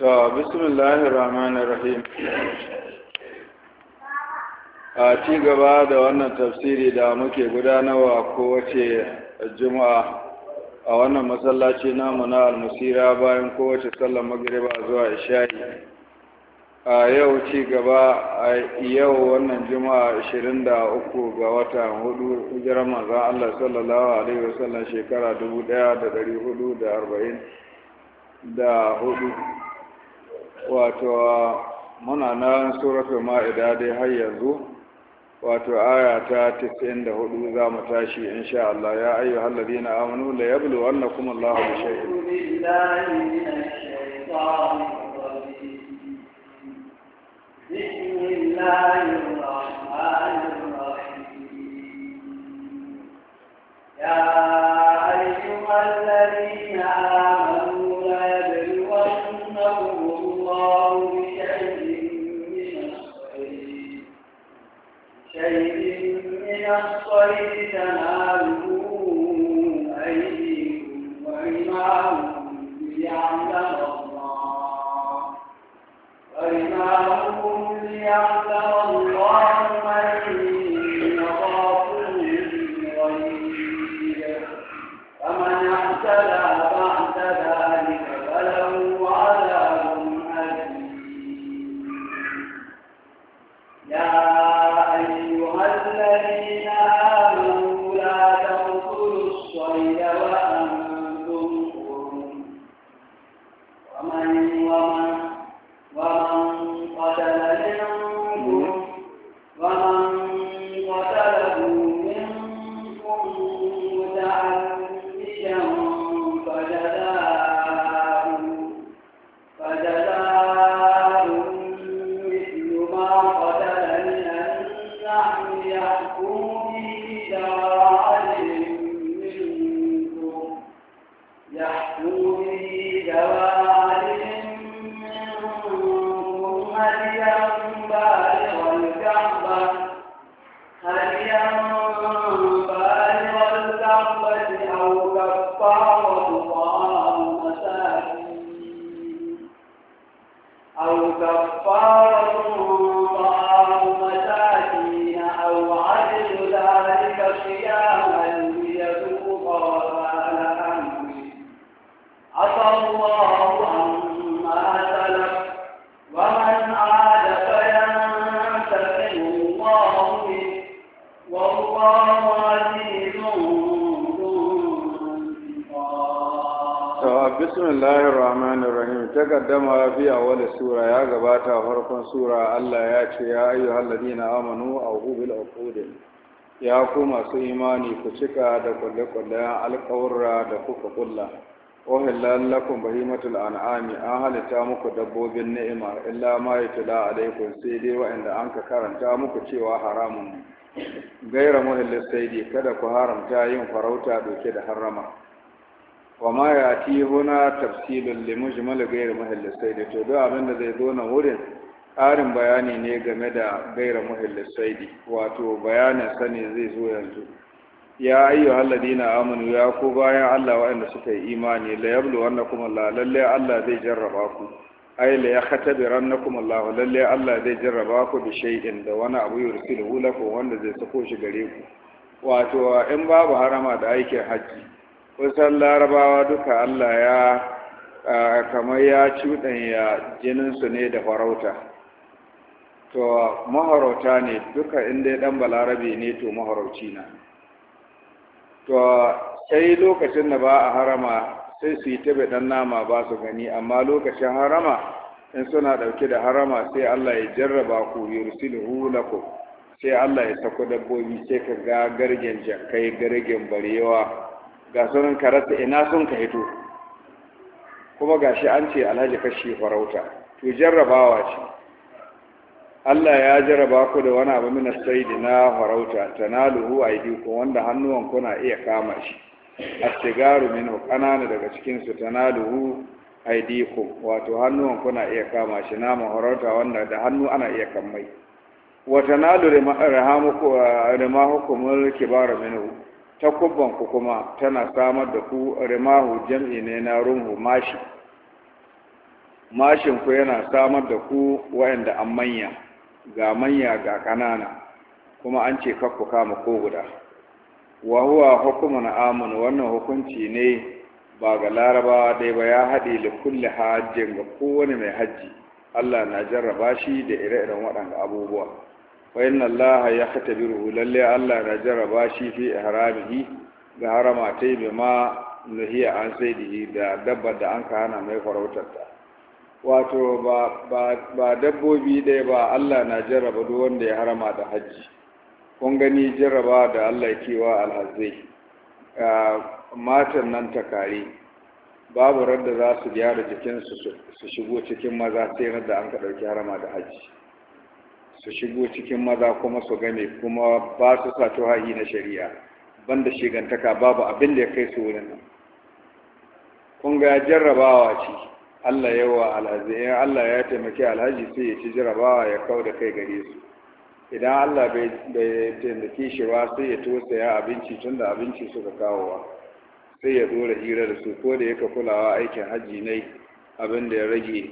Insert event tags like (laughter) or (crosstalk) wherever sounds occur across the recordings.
ta bismillahir rahim a ci gaba da wannan tafsiri da muke gudanarwa kowace juma'a a wannan masallaci namu na almusira bayan kowace sallar magriba zuwa ishari. a yau ci gaba a yau wannan juma'a 23 ga watan hudu hijirar manzon Allah sallallahu alaihi wasallam shekara 1440 da hudu wato muna nan suratul ma'ida dai har yanzu wato aya ta 94 za mu tashi insha Allah ya ayu halladina amanu la yablu annakum Allah bi shay'in Bismillahirrahmanirrahim Ya الخير تناله أيديكم وإمامكم ليعلم الله وإمامكم ليعلم الله من يخافه بالغيب فمن اعتدى بعد ذلك فله عذاب أليم rasulullah ohillan lakum bahimatul an'ami an halitta muku dabbobin ni'ima illa ma yatla alaikum sai dai waɗanda an ka karanta muku cewa haramun ne gaira muhillis saidi kada ku haramta yin farauta doke da harama wa ma yati huna tafsilun li gaira muhillis saidi to duk abin da zai zo na wurin Karin bayani ne game da gaira muhillis saidi wato bayanin sani zai zo yanzu ya ayyu alladina amanu ya ku bayan Allah waɗanda suka yi imani la yablu annakum Allah lalle Allah zai jarraba ku ay la yakhtabirannakum Allah lalle Allah zai jarraba ku da shay'in da wani abu yursilu lakum wanda zai sako shi gare ku wato in babu harama da aikin haji kusan larabawa duka Allah ya kamar ya cuɗanya jininsu ne da farauta to maharauta ne duka dai ɗan balarabe ne to maharauci na to sai lokacin da ba a harama sai su yi tabe dan nama ba su gani amma lokacin harama in suna dauke da harama sai Allah ya jarraba ku yursiluhu lakum sai Allah ya sako dabbobi sai ka ga gargen jakkai, gargen barewa ga sunan karatu ina sun ka hito kuma gashi an ce alhaji kashi farauta to jarrabawa ce Allah ya jaraba ku da wani abu mina saidi na farauta tanaluhu aydikum wanda hannuwan na iya kama shi astigaru min kanana daga cikin su tanaluhu aydikum wato hannuwan ku na iya kama shi na farauta wanda da hannu ana iya kammai wa tanalu rihamukum rimahukum kibaru minhu takubban ku kuma tana samar da ku rimahu jam'i ne na rumhu mashi mashin ku yana samar da ku wa'anda an manya ga manya ga kanana kuma an ce kakku kama ko guda wa huwa hukumun amun wannan hukunci ne ba ga Laraba, dai ba ya haɗe da kulle hajjin ga kowane mai hajji Allah na jarraba shi da ire-iren waɗanda abubuwa wa inna Allah ya hata lalle Allah na jarraba shi fi ihramihi ga harama ta yi ma an sai da dabbar da an ka hana mai farautar ta wato ba dabbobi ɗaya ba Allah na jarraba duk wanda ya harama da hajji kun gani jarraba da Allah kewa alhazai matan nan ta kare babu radda za su gyara jikinsu su shigo cikin maza sai radda an ka ɗauki harama da hajji su shigo cikin maza kuma su game kuma ba su sa haji na shari'a banda shigantaka babu abin da ya kai su wurin nan kun ga jarrabawa ce Allah wa alhaji in Allah ya taimaki alhaji sai ya ci jarabawa ya kau da kai gare su idan Allah bai taimaki shi ba sai ya tosaya abinci tun da abinci suka kawo wa, sai ya dora hira da su ko da yaka kulawa aikin hajji ne abin da ya rage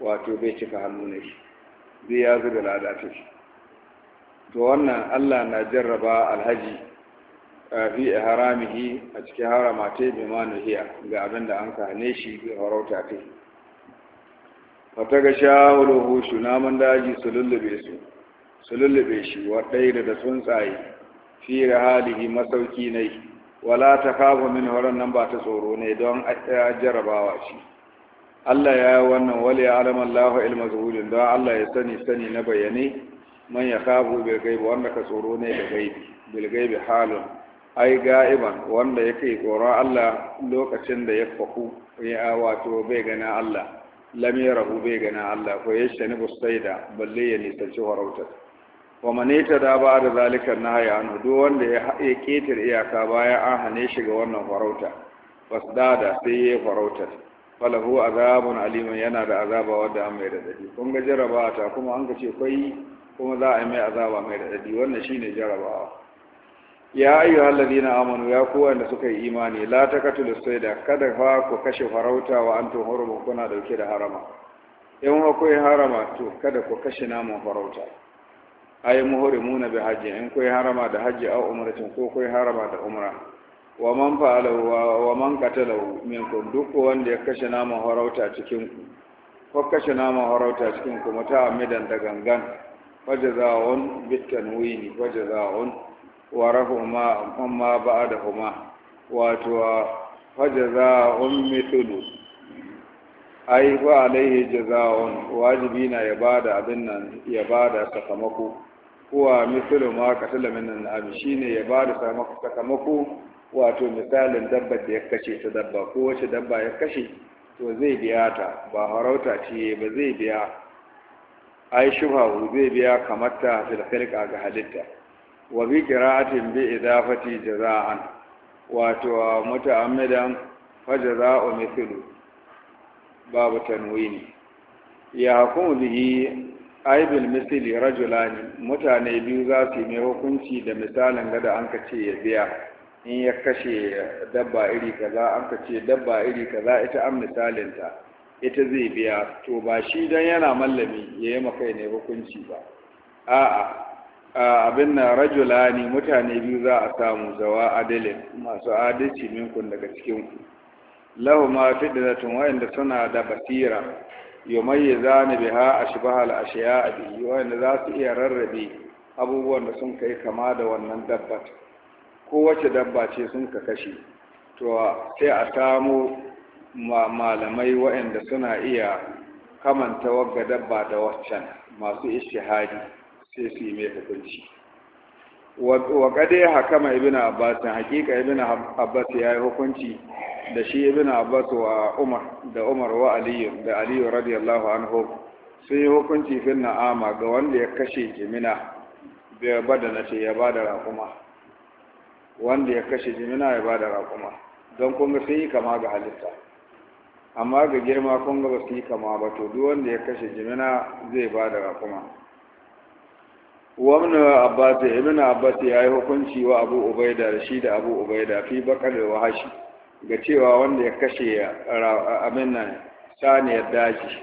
wato bai cika hannu ne zai ya zuba lada to wannan Allah na jarraba alhaji fi haramihi a cikin harama ta bi manuhiya ga abin da an kane shi bi horauta kai fata ga shahulu hushu namun daji su lullube su su lullube shi waɗai da tsuntsaye fi halihi masauki ne wala ta kafa min horon nan ba ta tsoro ne don a jarabawa shi. Allah ya yi wannan wale alamar lahu ilma don Allah ya sani sani na bayyane man ya kafu bilgaibi wanda ka tsoro ne da gaibi bilgaibi halin ai ga'iban wanda yake tsoron Allah lokacin da ya fahu ya wato bai gana Allah lamirahu bai gani Allah ko ya shani busaida balle ya nisanci farautar wa maneta da ba da zalikan nahaya an duk wanda ya ketir iyaka bayan an hane shi ga wannan farauta da, sai ya farauta falahu azabun aliman yana da azaba wanda an mai dadi kun ga jarabawa ta kuma an ga ce kai kuma za a yi mai azaba mai dadi wannan shine jarabawa ya ayyu alladina amanu ya ku wanda suka yi imani la sai sayda kada fa ku kashe farauta wa antum hurum kuna dauke da harama in akwai harama to kada ku kashe naman farauta ay muhrimuna bi hajji in kai harama da hajji aw umratin ko kai harama da umra wa man fa'ala wa man min kun duk wanda ya kashe naman farauta cikin ku ko kashe naman farauta cikin ku amidan da gangan wajaza'un bitanwini wajaza'un wa rahuma amma ba'dahuma wato fajaza'un mithlu ai fa alaihi jaza'un wajibi na ya bada abin nan ya bada sakamako kuwa mithlu ma qatala min an'am shine ya bada sakamako wato misalin dabba da ya kashe ta dabba ko wace dabba ya kashe to zai biya ta ba harauta ce ba zai biya ai shubha zai biya kamar ta fil ga halitta wa bi qira'atin bi idafati jaza'an wato muta'ammidan fa jaza'u mithlu babu tanwini ya hukumu bihi bil mithli rajulan mutane biyu za su yi mai hukunci da misalin gada an ka ce ya biya in ya kashe dabba iri kaza an ka ce dabba iri kaza ita an ta ita zai biya to ba shi dan yana mallami ya yi ne hukunci ba a'a abin na ne mutane biyu za a samu zawa adalin masu adalci minkun daga cikinku lahu ma fi da suna da basira yomaye za ni biha a shibahal a shiya a biyu za su iya rarrabe abubuwan da sun kai kama da wannan dabba kowace dabba ce sun ka kashe to sai a samu malamai wayanda suna iya kamanta wagga dabba da waccan masu ishihadi sai su yi mai hukunci wa kade hakama ibn abbas hakika ibn abbas ya yi hukunci da shi ibn abbas wa umar da umar wa aliyu da aliyu radiyallahu anhu sun yi hukunci fin na'ama ga wanda ya kashe jimina bai bada na ce ya bada raƙuma wanda ya kashe jimina ya bada raƙuma don kuma sun yi kama ga halitta amma ga girma kunga ba su yi kama ba to duk wanda ya kashe jimina zai bada raƙuma وابن Abbas Ibn Abbas ya yi hukunci wa Abu Ubaida da shi da Abu Ubaida fi bakar da wahashi ga cewa wanda ya kashe Amina nan saniyar daji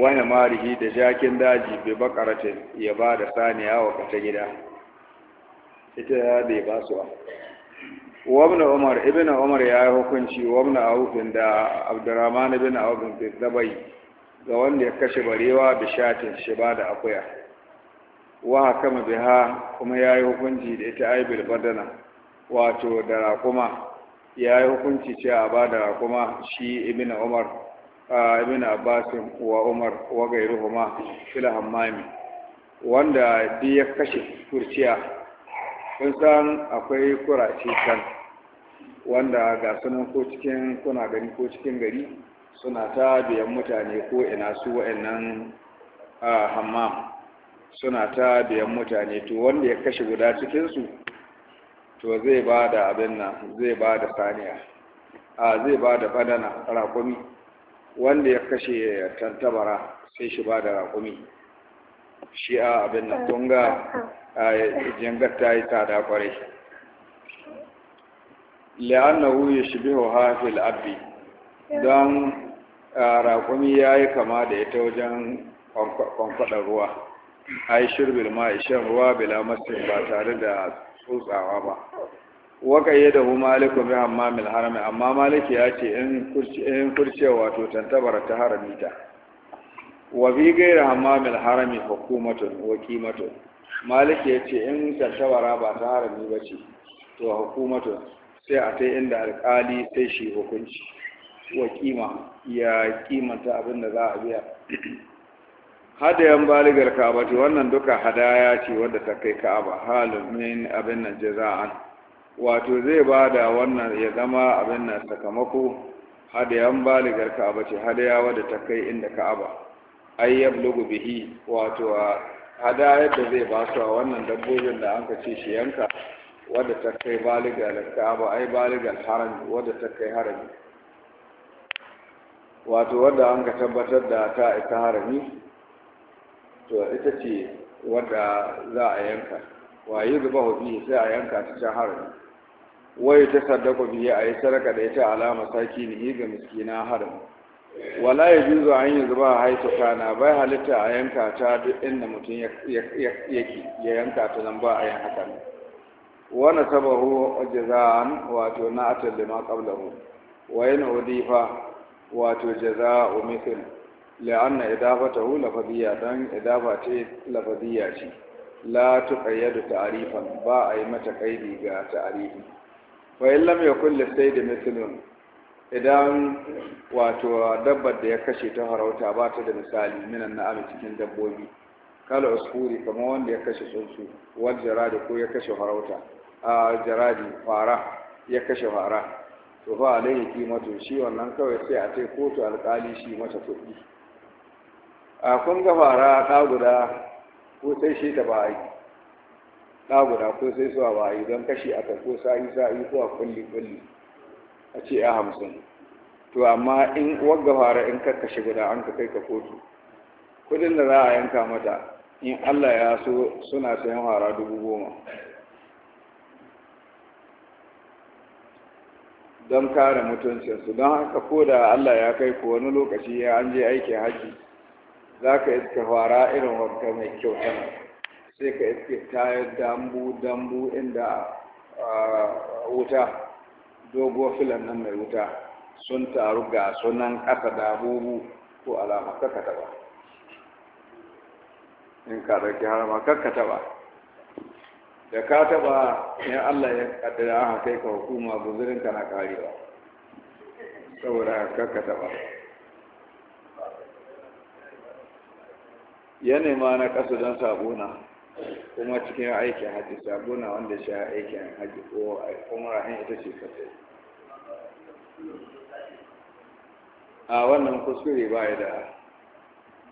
wani marihi da jakin daji bai bakaratin ya ba da saniya wa kata gida ita ya da ya basuwa wabna umar ibn umar ya yi hukunci wabna aufin da abdurrahman ibn aufin fi zabai ga wanda ya kashe barewa shatin shi ba da akuya wa kama biha kuma ya yi hukunci da ita aibil badana wato da raƙuma ya yi hukunci ce a ba da raƙuma shi ibn umar ibn abbas wa umar wa gairuhuma fil hammami wanda duk ya kashe kurciya kun san akwai kurace kan wanda ga sunan ko cikin kuna gani ko cikin gari suna ta biyan mutane ko ina su wa'annan hammam suna ta biyan mutane to wanda ya kashe guda cikinsu to zai ba da abin nan zai ba da saniya a zai ba da badana rakumi wanda ya kashe tantabara sai shi ba da rakumi shi a abin nan ga a jangar ta yi tsada kwarai la'annahu ya shibi hafil abbi don rakumi ya yi kama da ita wajen kwankwadar ruwa ai shirbil ma shan ruwa bila masin ba tare da tsotsawa ba waka yi hu maliku bi hammamil harami amma maliki ya ce in kurciya wato tantabar ta harami ta wa bi gaira hammamil harami hukumatun wa kimatun maliki ya ce in tantabara ba ta harami ba ce to hukumatun sai a ta inda alkali sai shi hukunci wa kima ya kimanta abin da za a biya hadayan baligar ka'aba ce wannan duka hadaya ce wadda ta kai ka'aba halin min abin nan jaza'an wato zai ba da wannan ya zama abin nan sakamako hadayan baligar ka'aba ce hadaya wadda ta kai inda ka'aba ai yablugu bihi wato hadaya da zai ba su a wannan dabbobin da an ce shi yanka wadda ta kai baligar ka'aba ai baligar harami wadda ta kai harami wato wadda an ka tabbatar da ta isa harami to ita ce wadda za a yanka waye zuba ne, sai a yanka ta can harin waye ta saddaka biye a yi sadaka da ita alama saki ne ga miskina harin wala ya juzo an yi zuba haitu kana bai halitta a yanka ta duk inda mutum ya yanka ta nan ba a yin haka ne wani sabahu jaza'an wato na atal ma qablahu wa yana wadifa wato jaza'u mithl la'anna idafatahu lafadiyya dan idafa ce lafadiyya ce la tuqayyadu ta'rifan ba a yi mata kaidi ga ta'rifi wa in lam yakul lisayd mithlun idan wato dabbar da ya kashe ta farauta ba ta da misali minan na'am cikin dabbobi kala uskuri kamar wanda ya kashe tsuntsu wal jaradi ko ya kashe farauta a jaradi fara ya kashe fara to ba alaihi kimatu shi wannan kawai sai a ce kotu alkali shi mata kuɗi a kun gabara fara ta guda ko sai shi ta bayi ta guda ko sai suwa bayi yi don kashi a ko sa'i sa'i ko a kulli kulli a ce a hamsin to amma in wagga gabara in karkashe guda an ka kai ka kotu kudin da za a yanka mata in allah ya so suna sayan fara dubu goma don kare mutuncinsu don haka ko da allah ya kai ko wani lokaci ya an je aiki hajji za ka iske fara irin wata mai kyau tana sai ka iske tayar dambu dambu inda wuta dogo filan nan mai wuta sun taru ga sunan ƙasa da abubu ko alama kaka taba in ka ɗauki harama kaka taba da ka taba ya allah ya ƙaddara an haka ka hukuma guzurinka na karewa saboda kaka taba ya nema na ƙasa don sabona kuma cikin aikin haji sabona wanda shi aikin haji ko umra in ita ce kasai a wannan kuskure ba da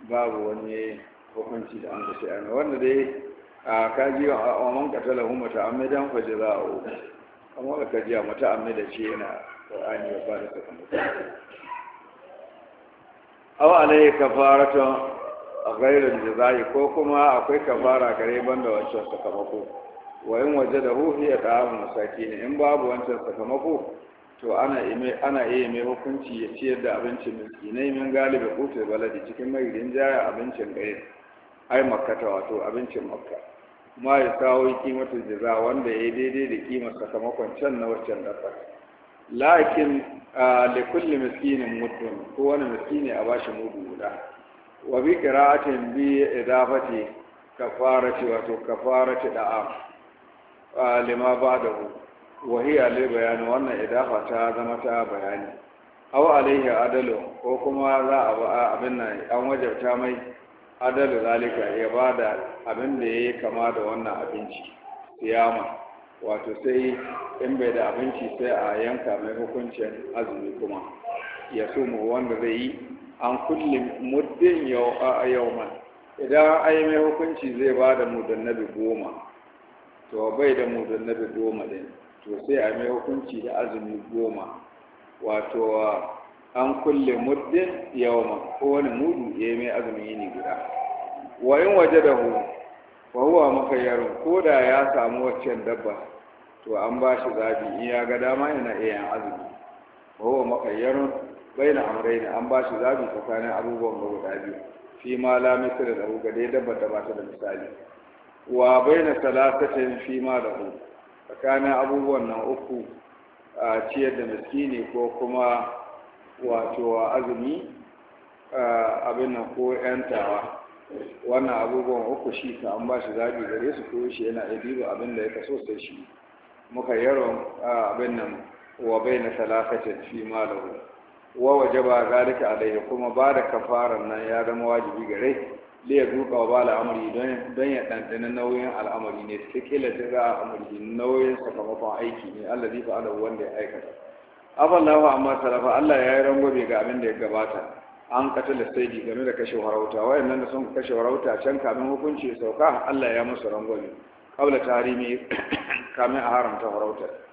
babu wani hukunci da an kashe ana wanda dai a kaji a man katala huma ta amidan faji za a wuce amma da kaji a mata da ce yana ƙwa'ani ya fara sakamako awa alayhi kafaratun a gairin jazai ko kuma akwai kafara gare banda wancan sakamako wa in waje da ruhi ya ta'amu masaki ne in babu wancan sakamako to ana ana iya mai hukunci ya ciyar da abincin miskinai min galibi kutar baladi cikin mai jaya abincin gari ai makkata wato abincin makka ma ya kawo kimatar jaza wanda ya daidai da kimar sakamakon can na waccan dafa lakin da kulle miskinin mutum ko wani miskini a bashi mudu guda wa bi qira'atin bi idafati kafarati wato kafarati da'a lima ba'dahu wa hiya li bayani wannan idafa ta zama ta bayani aw alayhi adalu ko kuma za a ba abin nan an wajabta mai adalu zalika ya bada abin da yayi kama da wannan abinci siyama wato sai in bai da abinci sai a yanka mai hukuncin azumi kuma ya mu wanda zai yi an kulle muddin yau a yauman idan ai mai hukunci zai ba da nabi goma to bai da nabi goma din to sai a mai hukunci da azumi goma wato an kulle muddin yauman kowane mudu ya yi mai azumi yini guda wayin waje da hu fa maka yaro ko da ya samu waccan dabba to an ba shi zabi in ya ga dama yana iya yin azumi fa maka yaro Baina na amrai an ba shi zabi tsakanin abubuwan ga guda biyu fi ma la misali da ga dai dabbar da ba ta da misali wa baina na salatatin fi ma da hu tsakanin abubuwan nan uku a ciyar da miskini ko kuma wato azumi abin nan ko yantawa wannan abubuwan uku shi ka an ba shi zabi gare su ko shi yana iya abin da ya kaso sai shi muka yaron abin nan wa baina na salatatin fi ma da hu wa waje ba zalika alaihi kuma ba da kafaran nan ya zama wajibi gare li ya duka ba amri don ya ɗanɗana nauyin al'amari ne sai kila ta za a amri nauyin sakamakon aiki ne allah zai fa'ala wanda ya aikata afallahu amma salafa allah ya yi rangwabe ga abin da ya gabata an katala saidi game da kashe warauta wayannan da sun kashe warauta can kamin hukunci sauka allah ya musu rangwabe kaula tarimi (coughs) kamin a haramta warautar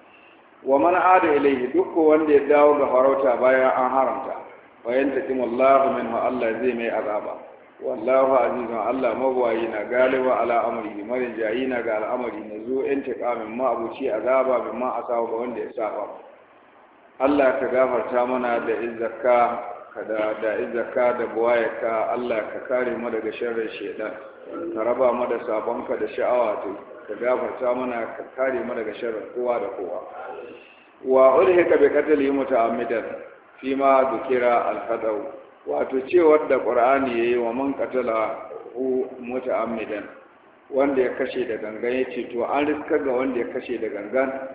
wa man ada ilayhi duk wanda ya dawo ga farauta bayan an haramta wa yantakim Allahu minhu Allah zai mai azaba wallahu azizun Allah magwayi na galiba ala amri marin jayi na ga al'amari na zo intiqamin ma abuci azaba min ma asawa ga wanda ya saba Allah ka gafarta mana da izzaka ka da da'izaka da buwayaka Allah ka kare mu daga sharrin shaidan ka raba mu da sabonka da sha'awa ta ka gafarta mana ka kare mu daga sharrin kowa da kowa wa ulhika bi qatli muta'ammidan fi ma dukira al wato cewa da qur'ani yayi wa man katala hu muta'ammidan wanda ya kashe da gangan yace to an riska ga wanda ya kashe da gangan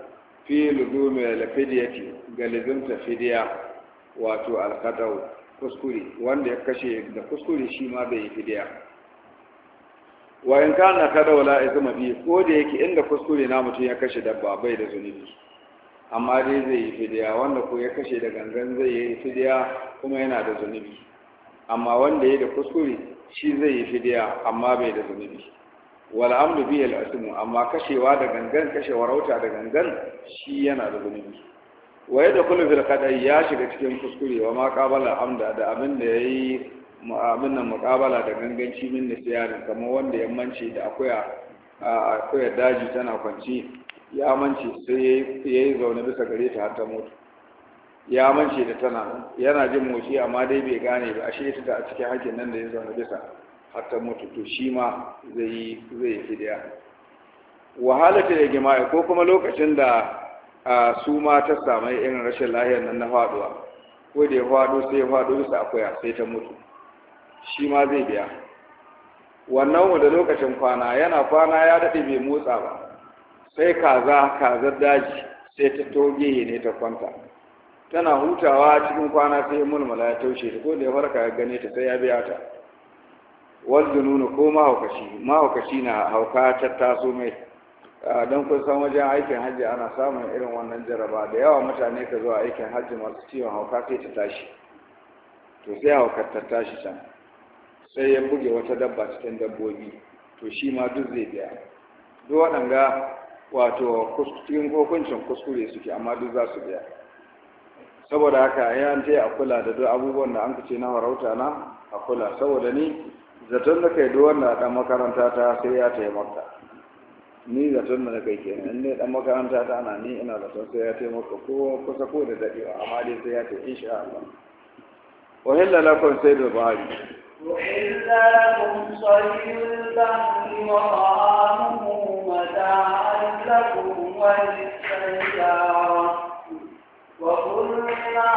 fi ludumi lafidiyati ga fidiya wato alkatau kuskure wanda ya kashe da kuskure shi ma bai yi fidiya wa in kana kada wala zama bi ko da yake inda kuskure na mutum ya kashe dabba bai da zunubi amma dai zai yi fidiya wanda ko ya kashe da gangan zai yi fidiya kuma yana da zunubi amma wanda ya da kuskure shi zai yi fidiya amma bai da zunubi wal amdu bi al asmu amma kashewa da gangan kashe warauta da gangan shi yana da zunubi waye da kullu fil qada'i ya shiga cikin kuskure wa ma qabala amda da abin da yayi abin nan muqabala da ganganci min nasiyarin kamar wanda ya mance da akuya akuya daji tana kwanci ya mance sai yayi zaune bisa gare ta har ta mutu ya mance da tana yana jin motsi amma dai bai gane ba ashe ita a cikin hakin nan da ya zauna bisa har ta mutu to shi ma zai zai fidiya wahala ta da jima'i ko kuma lokacin da a su ma ta samu irin rashin lahiyar nan na faduwa ko da ya fado sai ya fado bisa akuya sai ta mutu shi ma zai biya wannan da lokacin kwana yana kwana ya daɗe bai motsa ba sai kaza kazar daji sai ta toge ne ta kwanta tana hutawa cikin kwana sai ya mulmula ya taushe ta ko da ya farka ya gane ta sai ya biya ta wal jununu ko mahaukaci mahaukaci na hauka ta taso mai Ah, don kun san wajen aikin hajji ana samun irin wannan jaraba da yawa mutane ka zuwa aikin hajji masu ciwon hauka sai ta tashi to sai haukar ta tashi can sai ya buge wata dabba cikin dabbobi to shi ma duk zai biya duk waɗanga wato cikin hukuncin kuskure suke amma duk za su biya saboda haka ya ce a kula da duk abubuwan da an ce na farauta na a kula saboda ni zaton da kai duk wanda ɗan makaranta ta sai ya taimaka ni zaton da na kai ke in ne dan makaranta ta ana ni ina zaton sai ya taimaka ko kusa ko da dadewa amma dai sai ya ce insha Allah wa hilla lakum sayyidul bahari وحل لكم صيد البحر وطعامه متاعا لكم وللسيارة وقلنا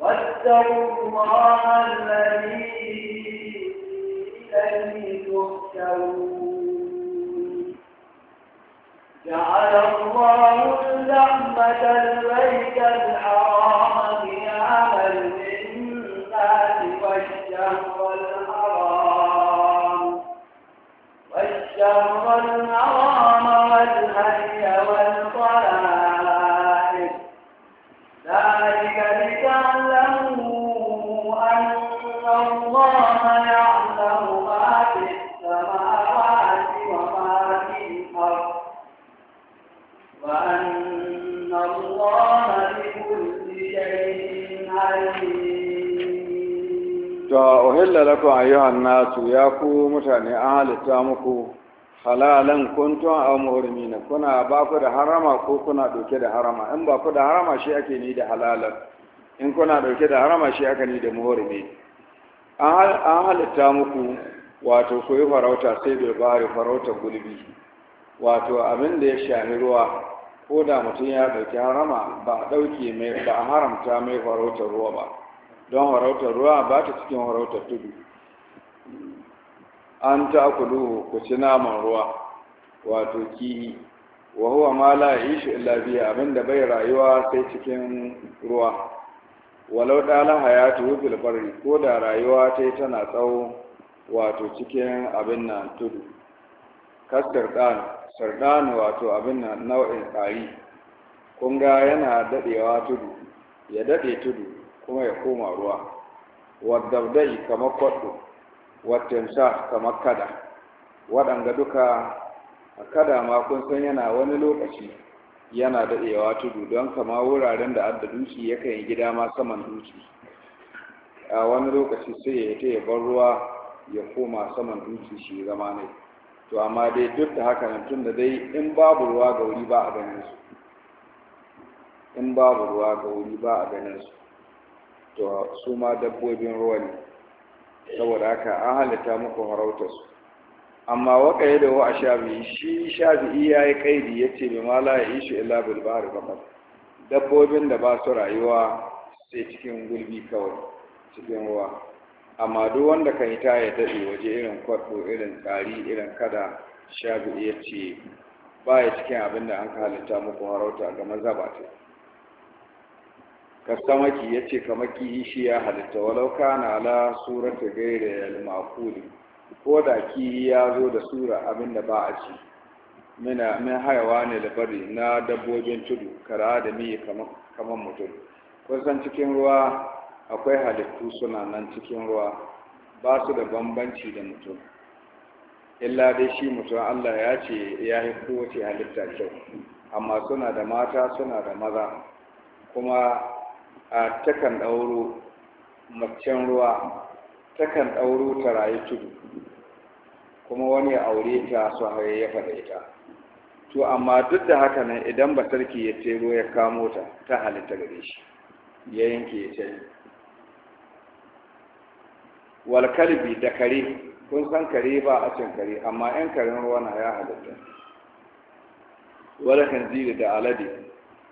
واتقوا الله الذي إليه تحشرون جعل الله اللحمة البيت الحرام قياما للناس والشهر الحرام والشهر الحرام ya لكم أيها الناس ياكو متاني أهل تامكو halalan kuntum aw muhrimina kuna ba ku da harama ko kuna dauke da harama in ba ku da harama shi ake ni da halalan in kuna dauke da harama shi ake ni da muhrimi an halitta muku wato ku yi farauta sai da bari farautar gulbi wato abin da ya shahi ruwa ko da mutum ya dauki harama ba a dauke mai ba a haramta mai farautar ruwa ba don harautar ruwa ba ta cikin harautar tudu an ta kulu ku ci naman ruwa wato kihi wa huwa ma la yishu illa bi abinda bai rayuwa sai cikin ruwa walau dala hayatu fil barri ko da rayuwa ta tana tsawo wato cikin abin nan tudu kasar dan sardan wato abin nan nau'in tsari kun ga yana dadewa tudu ya dade tudu kuma ya koma ruwa wadabdai kamar kwaɗo watinsa kamar kada waɗanga duka kada ma kun san yana wani lokaci yana daɗewa tudu don kama wuraren da adda ya yakan yi gida ma saman duki a wani lokaci sai ya ta ya bar ruwa ya koma saman duki shi zama ne to amma dai duk da haka nan tun da dai in babu ruwa ga wuri ba a ganin su in babu ruwa ga ba a ganin su to su ma dabbobin ruwa ne saboda haka an halitta muku harautarsu amma waka da wa a shafi'i shi shafi'i ya yi kaidi ya ce bai mala ya shi illa bilbahar kamar dabbobin da ba su rayuwa sai cikin gulbi kawai cikin ruwa amma duk wanda kan yi ta ya daɗe waje irin kwaɗo irin tsari irin kada shafi'i ya ce ba ya cikin abin da an halitta muku harauta ga mazaba ta kasamaki ya ce kamar kihi shi ya halitta walau na ala surata gaira ya makuli ko da kihi ya zo da sura abin da ba a ci mina min hayawa ne labari na dabbobin tudu kara da miye kamar mutum kusan cikin ruwa akwai halittu suna nan cikin ruwa ba su da bambanci da mutum illa dai shi mutum allah ya ce ya yi kowace halitta kyau amma suna da mata suna da maza kuma a takan ɗauro macen ruwa takan ɗauro ta rayu tudu kuma wani ya aure ta su haye ya faɗa ita to amma duk da haka nan idan ba sarki ya tero ya kamo ta ta halitta gare shi ya yanke ya ce wal kalbi da kare kun san kare ba a cin kare amma yan karen ruwa na ya halitta kan hanziri da alade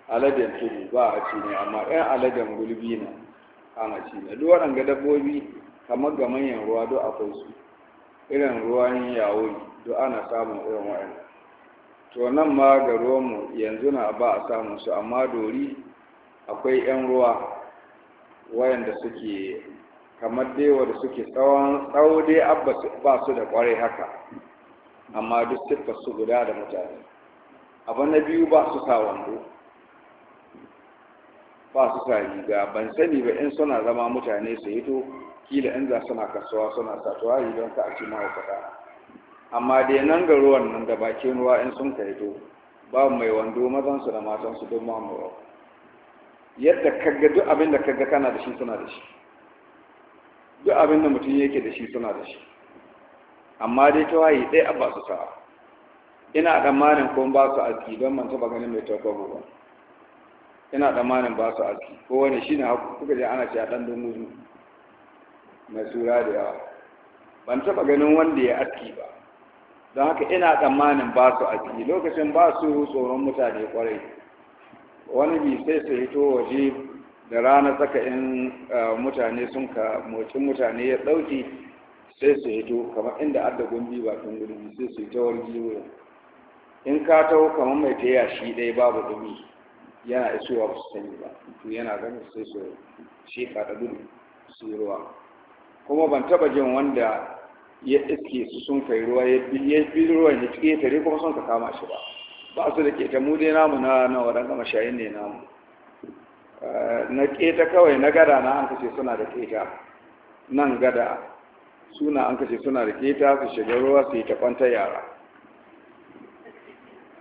aladen tudu ba a ci ne amma ɗan aladen gulbi na ana ci ne duk waɗanga dabbobi kamar ga manyan ruwa duk akwai su irin ruwan yawo duk ana samun irin wa'in to nan ma ga ruwanmu yanzu na ba a samun su amma dori akwai 'yan ruwa wayanda suke kamar dai wanda suke tsawon tsawo dai ba su da ƙwarai haka amma duk siffar su guda da mutane abu na biyu ba su sa wando ba su sa riga ban sani ba in suna zama mutane su yi to kila in za suna kasuwa suna satuwa don ka a ci kaɗa amma dai nan ga ruwan nan da bakin ruwa in sun ka to, babu mai wando mazansu da matansu don mamawa yadda kaga duk abin da kaga kana da shi suna da shi duk abin da mutum yake da shi suna da shi amma dai ta waye ɗaya ba su sa. ina tsammanin kuma ba su aski don manta ba ganin mai takwabo ba ina tsammanin ba su aiki ko wani shi ne kuka je ana cewa ɗan dunguzu mai sura da yawa ban taɓa ganin wanda ya aski ba don haka ina tsammanin ba su aiki lokacin ba su tsoron mutane kwarai wani bi sai su hito waje da rana tsaka in eh, mutane sun ka mocin mutane ya ɗauki sai su hito kamar inda adda gumbi sun gudu sai su hito wani jiwo in ka taho kamar mai ta yashi ɗaya babu ɗumi yana isowa ba su sani ba to yana ganin sai su sheka da gudu su yi ruwa kuma ban taba jin wanda ya iske su sun kai ruwa ya bi ruwan ya cike tare kuma sun ka kama shi ba ba su da keta mu dai namu na na wadan kama shayin ne namu eh, na keta kawai na gada na an kace suna da keta nan gada suna an kace suna da keta su shiga ruwa su yi ta kwanta yara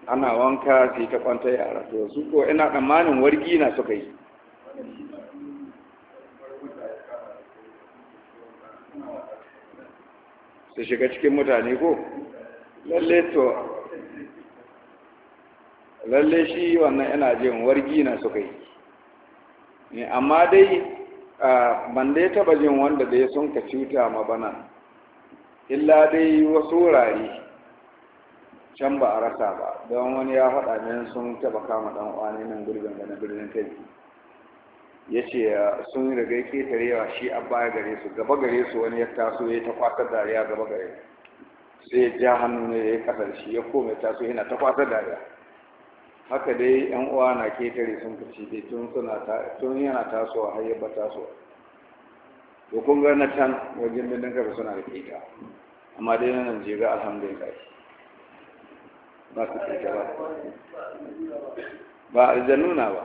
ana wanka sai ta kwanta yara to su ko ina tsammanin wargi na suka yi su shiga cikin mutane ko lalle to lalle shi wannan ina jin wargi na suka yi eh, amma dai ban dai taba jin wanda dai sun ka cuta ma bana illa dai wasu wurare can ba a rasa ba don wani ya faɗa min sun taɓa kama ɗan uwani nan gurbin da na birnin kai ya ce sun yake tarewa shi a baya gare su gaba gare su wani ya taso ya ta kwasa dariya gaba gare sai ya ja hannu ne ya kasar shi ya koma taso yana ta kwasa dariya haka dai yan uwa na ketare sun fice dai tun suna tun yana tasowa har ya ba tasowa to kun ga na can wajen bindin kafa suna da keta amma dai na je jega alhamdulillah ba su kirga ba ba aljanu na ba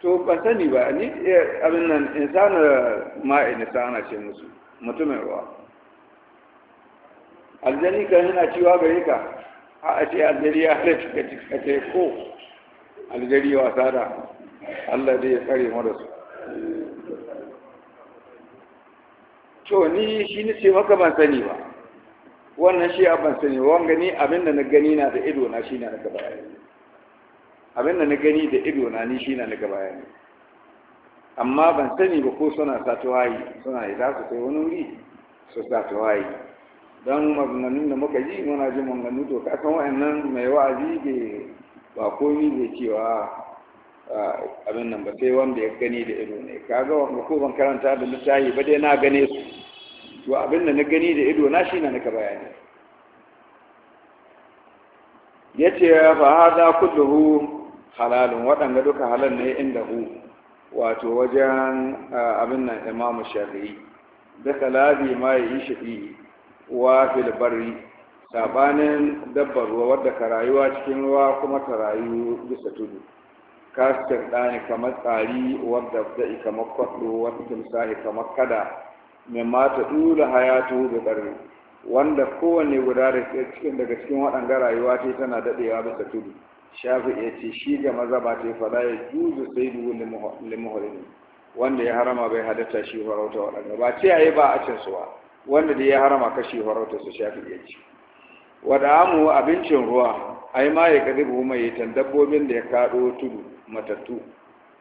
to ban sani ba ni eh, abin nan ma in ana ce musu mutumin ruwa aljani kan yana cewa gare ka a ce aljari ya ka cika cika ce ko aljari wasa da allah zai tsare mara su to ni shi ne ce maka ban sani ba wannan shi abin sani wanga ni abin da na gani na da ido na shi na na bayani abin da na gani da ido na ni shi na na bayani amma ban sani ba ko suna sa tawayi suna ida su kai wani wuri su sa don maganganun da muka ji muna ji maganganu to ka san wa'annan mai wa'azi ke ba komi zai cewa abin nan ba sai wanda ya gani da ido ne kaga wanda ko ban karanta da littafi ba dai na gane su to abin da na gani da ido na shi na naka bayani ya ce fa haza kulluhu halalun waɗanda duka halal ne inda hu wato wajen abin nan imamu shafi'i da kalabi ma ya yi shafi'i wa filbari sabanin dabbar ruwa wadda ka rayuwa cikin ruwa kuma ka rayu bisa tudu kasir ɗani kamar tsari wadda zai kamar kwaɗo wadda timsahi kamar kada mimma ta dula hayatu bi qarni wanda kowane guda da cikin daga cikin waɗanga rayuwa ce tana dadewa bisa tudu shafi ya ce shi ga maza ba ta fada ya juzu sai dubu limuhulini wanda ya harama bai halatta shi farauta waɗanda ba ce yayi ba a cin suwa wanda da ya harama kashi farauta su shafi ya ce wada amu abincin ruwa ai ma ya kadi buhu mai tan dabbobin da ya kaɗo tudu matattu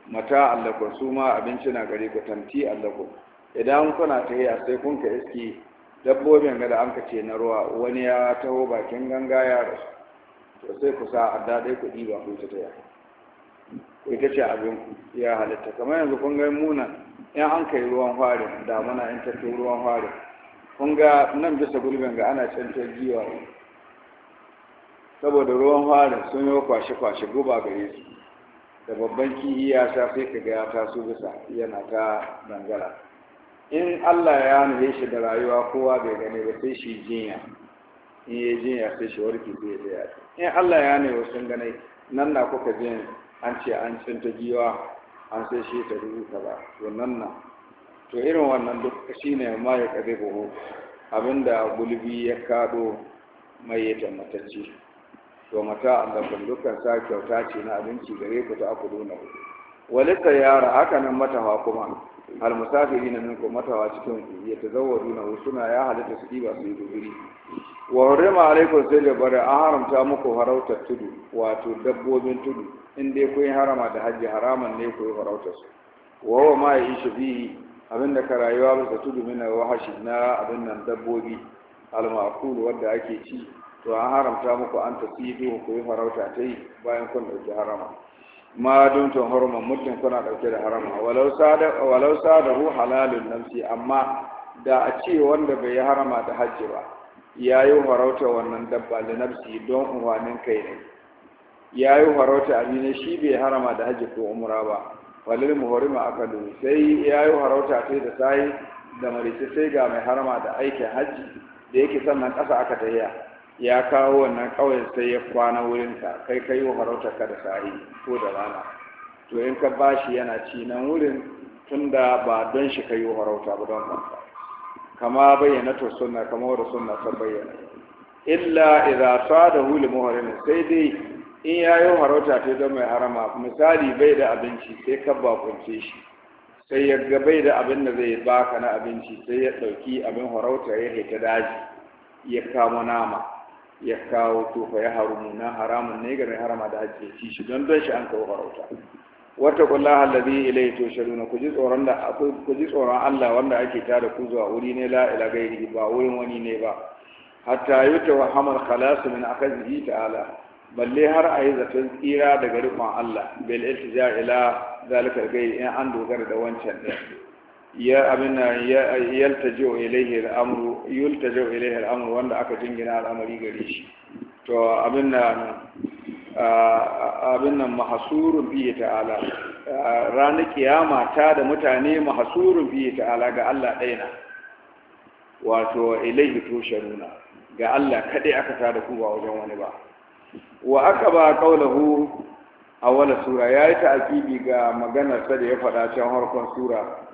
mata allakun su ma abinci na gari ku tanti allakun idan kuna tahiya sai kun ka iski dabbobin da an ka ce na ruwa wani ya taho bakin ganga ya rasu sai ku sa adda dai ku ɗiba ku ta taya ku ita ce abin ku ya halitta kamar yanzu kun ga muna in an kai ruwan fari damuna in ta ruwan fari kun ga nan bisa gulbin ga ana cancar giwa saboda ruwan fari sun yi kwashe-kwashe guba gare su da babban kihi ya sha sai ka ga ya taso bisa yana ta dangara in Allah ya nuhe shi da rayuwa kowa bai gane ba sai shi jinya in yi jinya sai shi warki zai ya yaki. in Allah ya nuhe sun gane nan na kuka jin an ce an cin ta giwa an sai shi ta dubu to wannan na to irin wannan duk shi ne ma ya kabe buhu abinda gulbi ya kado mai ya tammatacce to mata allafin dukkan sa kyauta ce na abinci gare ku ta aku ku. Walika yara haka nan matawa kuma almusafiri na minkum matawa cikin ku ya tazawwadu na suna ya halatta su diba su yi guduri wa hurrima alaikum sai da bara an haramta muku harauta tudu wato dabbobin tudu in dai yi harama da hajji haraman ne ku yi harauta su wa wa ma shi bi abinda ka rayuwa ba tudu mina wahashi na abin nan dabbobi al almakulu wadda ake ci to an haramta muku an tasidu ku yi farauta ta bayan kun ɗauki harama ma tun haruman mutum suna dauke da harama walau sada walau sadahu halalun nafsi amma da a ce wanda bai yi harama da hajji ba ya yi farauta wannan dabba da nafsi don umarnin kai ne ya yi farauta amina shi bai harama da hajji ko umra ba walil aka akalu sai ya yi farauta sai da sai da marice sai ga mai harama da aikin hajji da yake sannan ƙasa aka tahiya ya kawo wannan kawai sai ya kwana wurinsa kai ka yi wa ka da ko da rana to in ka bashi yana ci nan wurin tunda ba don shi ka yi wa ba don kanka kama bayyana to sunna kama da sunna ta bayyana illa idza hu li muhrimin sai dai in ya yi harauta ta don mai harama misali bai da abinci sai ka ba kunce shi sai ya ga bai da abin da zai baka na abinci sai ya dauki abin harauta ya ta daji ya kamo nama ya kawo to fa ya harumu na haramun ne ga harama da ake ci shi don don shi an kawo farauta wata kullaha allazi ilayhi tusharuna ku ji tsoron da ku ji tsoron Allah wanda ake da ku zuwa wuri ne la ila gairi ba wurin wani ne ba hatta yuta wa hamal khalas min akazi ta'ala balle har a yi zaton tsira daga rikon Allah bil iltija ila zalikal gairi in an dogara da wancan ne ya abinna ya yaltaji'u ilayhi al-amru yaltaji'u ilayhi al-amru wanda aka jingina al'amari gare shi to abin nan mahsurun bi ta'ala ranar kiyama ta da mutane mahsurun bi ta'ala ga Allah ɗaya na wato ilayhi tusharuna ga Allah kadai aka ta da ku ba wajen wani ba wa aka ba kaulahu a wala sura yayi ta'akibi ga maganar sa da ya faɗa can harkon sura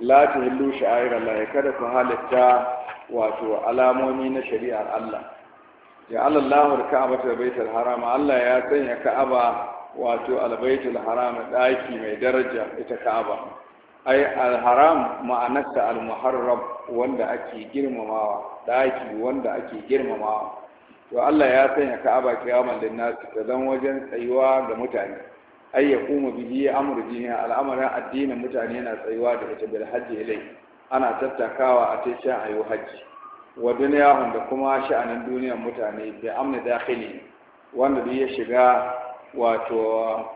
Lati ta hillu sha'ir Allah kada ku halitta wato alamomi na shari'ar Allah ya Allah al-ka'bata baitul haram Allah ya sanya ka'aba wato al-baitul haram daki mai daraja ita ka'aba ai al-haram ma'anarsa al-muharram wanda ake girmamawa daki wanda ake girmamawa to Allah ya sanya ka'aba kiyaman linnasi ta zan wajen tsayuwa ga mutane ay yaqumu bihi amru dini al'amarin addinin mutane na tsayuwa da ita bil hajji ilai ana tattakawa a ta sha ayo hajji wa duniyahum da kuma sha'anin duniyar mutane bi amni dakhili wanda duk ya shiga wato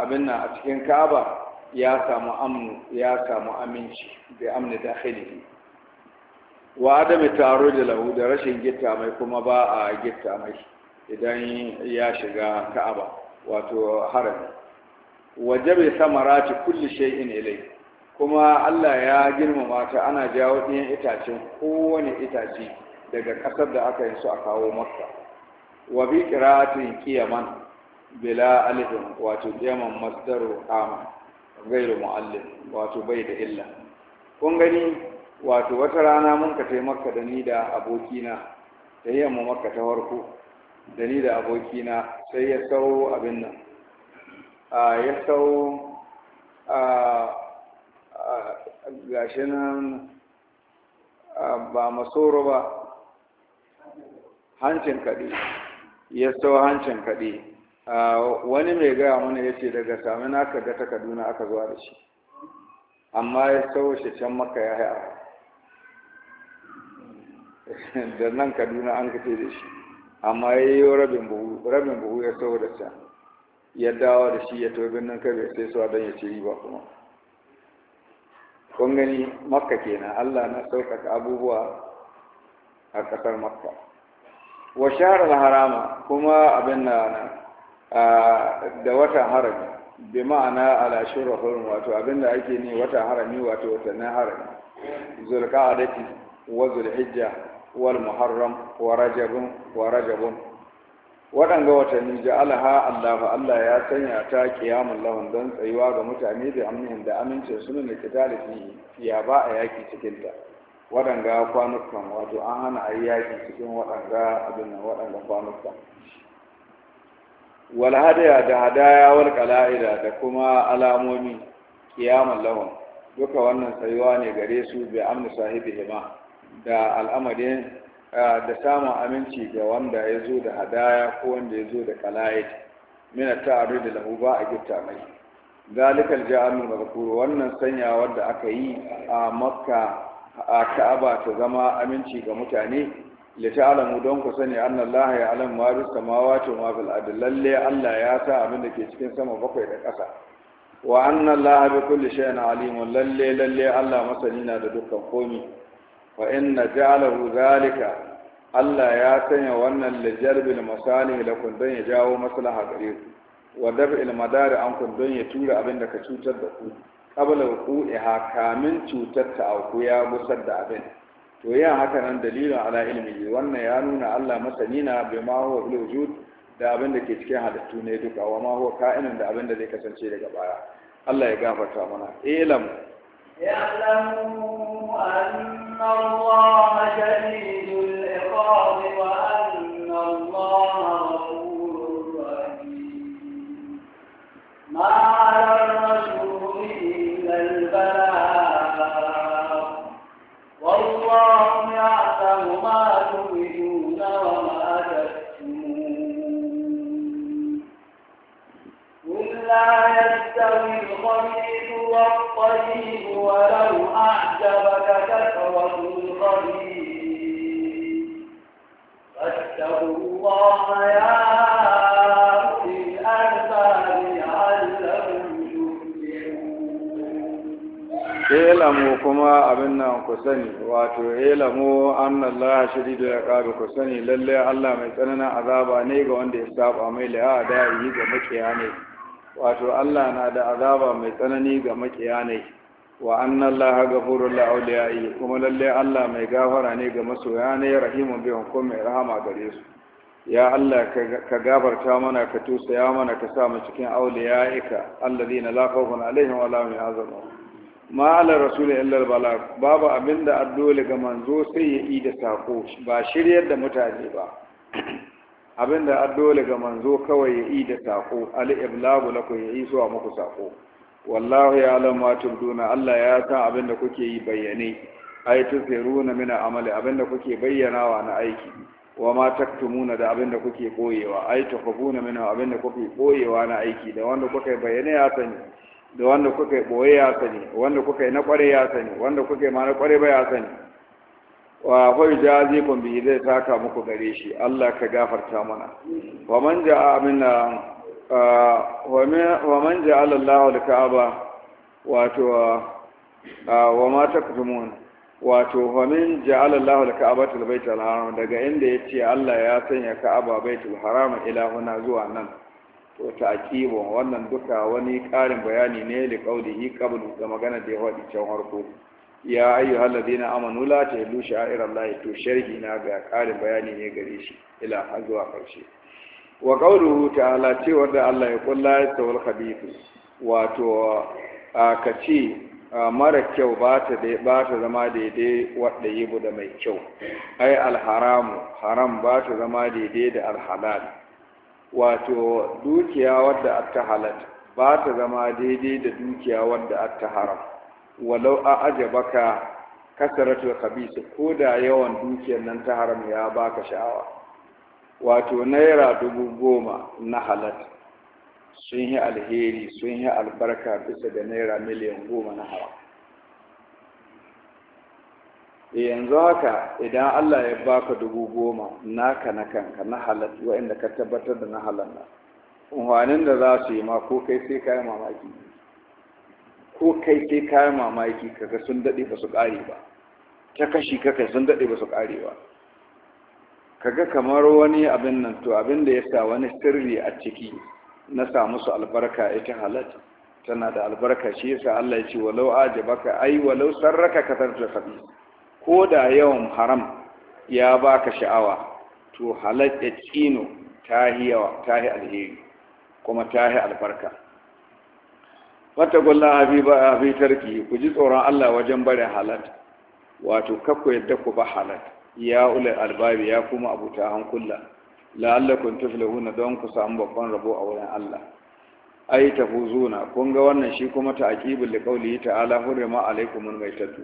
abin nan a cikin Ka'aba ya samu amnu ya samu aminci bi amni dakhili wa adami taro da lahu da rashin gitta mai kuma ba a gitta mai idan ya shiga Ka'aba wato harami wajabe samarati kulli shay'in ilai kuma Allah ya girmama ta ana jawo ɗiyan itacen kowane itace daga ƙasar da aka yi su a kawo makka wa bi qira'atin qiyaman bila alifin wato qiyaman masdaru qama ghairu muallim wato bai da illa kun gani wato wata rana mun ka tai makka da ni da abokina Ta yamma makka ta farko da ni da abokina sai ya sau abin nan ya sau gashi nan ba masoro ba hancin kaɗi ya sau hancin kaɗi wani mai gaya mana ya ce daga sami naka ga ta kaduna aka zuwa da shi amma ya sau shi can maka ya haya (laughs) da nan kaduna an kace da shi amma ya yi rabin buhu rabin buhu ya sau da can ya dawo da shi ya tobe birnin kabe sai suwa don ya ci riba kuma kun gani makka kenan allah na saukaka abubuwa a ƙasar makka wa shahar harama kuma abin na da wata harami bi ma'ana ala shura hurum wato da ake ne wata harami wato watannin harami zulqa'adati wa zulhijja wal muharram wa rajabun wa rajabun waɗanga watanni ja'alaha Allah fa Allah ya sanya ta qiyamul lahum dan tsayuwa ga mutane da amnin da amince su ne kitali fi ya ba a yaki cikin ta waɗanga kwanukan wato an hana a yaki cikin waɗanga abin nan waɗanga kwanukan wal hadaya da hadaya wal qala'ida da kuma alamomi qiyamul lahum duka wannan tsayuwa ne gare su bi amni sahibi ma. da al'amarin da samun aminci ga wanda ya zo da hadaya ko wanda ya zo da kalayat mina ta'arru da lahu ba a gitta mai zalikal ja'alul mazkur wannan sanya wanda aka yi a makka a ka'aba ta zama aminci ga mutane li ta'lamu don ku sani anna Allah ya alam ma bis samawati wa lalle Allah ya sa abin da ke cikin sama bakwai da ƙasa wa anna Allah bi kulli shay'in alim lalle lalle Allah masani na da dukkan komai fa inna ja'alahu zalika Allah ya sanya wannan lijarbil masalih lakum don ya jawo maslaha gare ku wa dab'il madari an kun don ya tura abin da ka cutar da ku qabla wuqu'iha kamin cutar ta auku ya gusar da abin to yin haka nan dalilin ala ilmi wannan ya nuna Allah masani na bi ma huwa bil wujud da abin da ke cikin halittu ne duka wa ma huwa ka'inin da abin da zai kasance daga baya Allah ya gafarta mana ilam اعلموا أن الله شديد العقاب وأن الله غفور رحيم ما على الرسول إلا البلاغ والله يعلم ما تبدون وما تكتمون قل يستوي الخبيث والطيب ولو أعجبك كثرة الخبيث فاتقوا الله يا أولي الألباب ilamu kuma abin nan ku sani wato ilamu annallaha ya iqabi ku sani lalle Allah mai tsananin azaba ne ga wanda ya saba mai la'a da yi ga makiya ne wato Allah na da azaba mai tsanani ga makiya ne wa anna Allah ghafurul kuma lalle Allah mai gafara ne ga masoya ne rahimun bihum ko mai rahama gare su ya Allah ka gafarta mana ka ya mana ka sa mu cikin awliyaika alladhina la khawfun alaihim wa la hum yahzanun ma ala rasul illa bala babu abinda addole ga manzo sai ya yi da sako ba shiryar da mutane ba abinda a dole ga manzo kawai ya yi da sako iblabu na ku ya su a muku sako wallahu ya alam ma tubduna Allah ya san abinda kuke yi bayyane ay tusiruna min amali abinda kuke bayyanawa na aiki wa ma taktumuna da abinda kuke koyewa ay tukhfuna min abinda kuke koyewa na aiki da wanda kuka bayyane ya sani da wanda kuka boye ya sani wanda kuka na kware ya sani wanda kuka ma na kware ba ya sani wa fa jazi kun bi zai taka muku gare shi Allah ka gafarta mana wa man ja'a minna wa man ja'ala Allahu al-Ka'aba wato wa ma kutumun wato wa min ja'ala Allahu al-Ka'aba al Haram daga inda yace Allah ya sanya Ka'aba Baitul Haram huna zuwa nan to akibo wannan duka wani karin bayani ne li qawlihi qablu da magana da ya wadi can harko ya ayyu halladina amanu la tahillu sha'irallahi to sharhi na ga karin bayani ne gare shi ila har zuwa ƙarshe wa qawluhu ta'ala cewar da Allah ya kulla ya tawal khabithu wato ka ce mara kyau ba ta ba ta zama daidai wadda yi da mai kyau ai alharamu haram ba ta zama daidai da alhalal wato dukiya wadda ta halal ba ta zama daidai da dukiya wadda ta haram walau a aje ajabaka kasaratul khabis ko da yawan dukiyar nan ta haram ya baka sha'awa wato naira dubu goma na halal sun yi alheri sun yi albarka bisa da naira miliyan goma na haram yanzu haka idan allah ya baka dubu goma naka na kanka na halal wa'inda ka tabbatar da na halal na da za su yi ma ko kai sai ka yi mamaki ko kai sai kayan mamaki kaga sun daɗe ba su ƙare ba ta kashi kakai sun daɗe ba su ƙare ba kaga kamar wani abin nan to abin da ya sa wani sirri a ciki na sa musu albarka ita halat tana da albarka shi yasa Allah ya ce walau ajabaka ai walau sarraka da sabi ko da yawan haram ya baka sha'awa to ya tsino ta yi alheri kuma ta yi albarka fattakullaha fi ba fi tarki ku ji tsoron Allah wajen barin halat wato kakku yadda ku ba halat ya ule albabi ya kuma abuta hankula la'allakum huna don ku samu babban rabo a wurin Allah ai ta huzuna. kun ga wannan shi kuma ta ala liqauli ma hurrima mai tattu.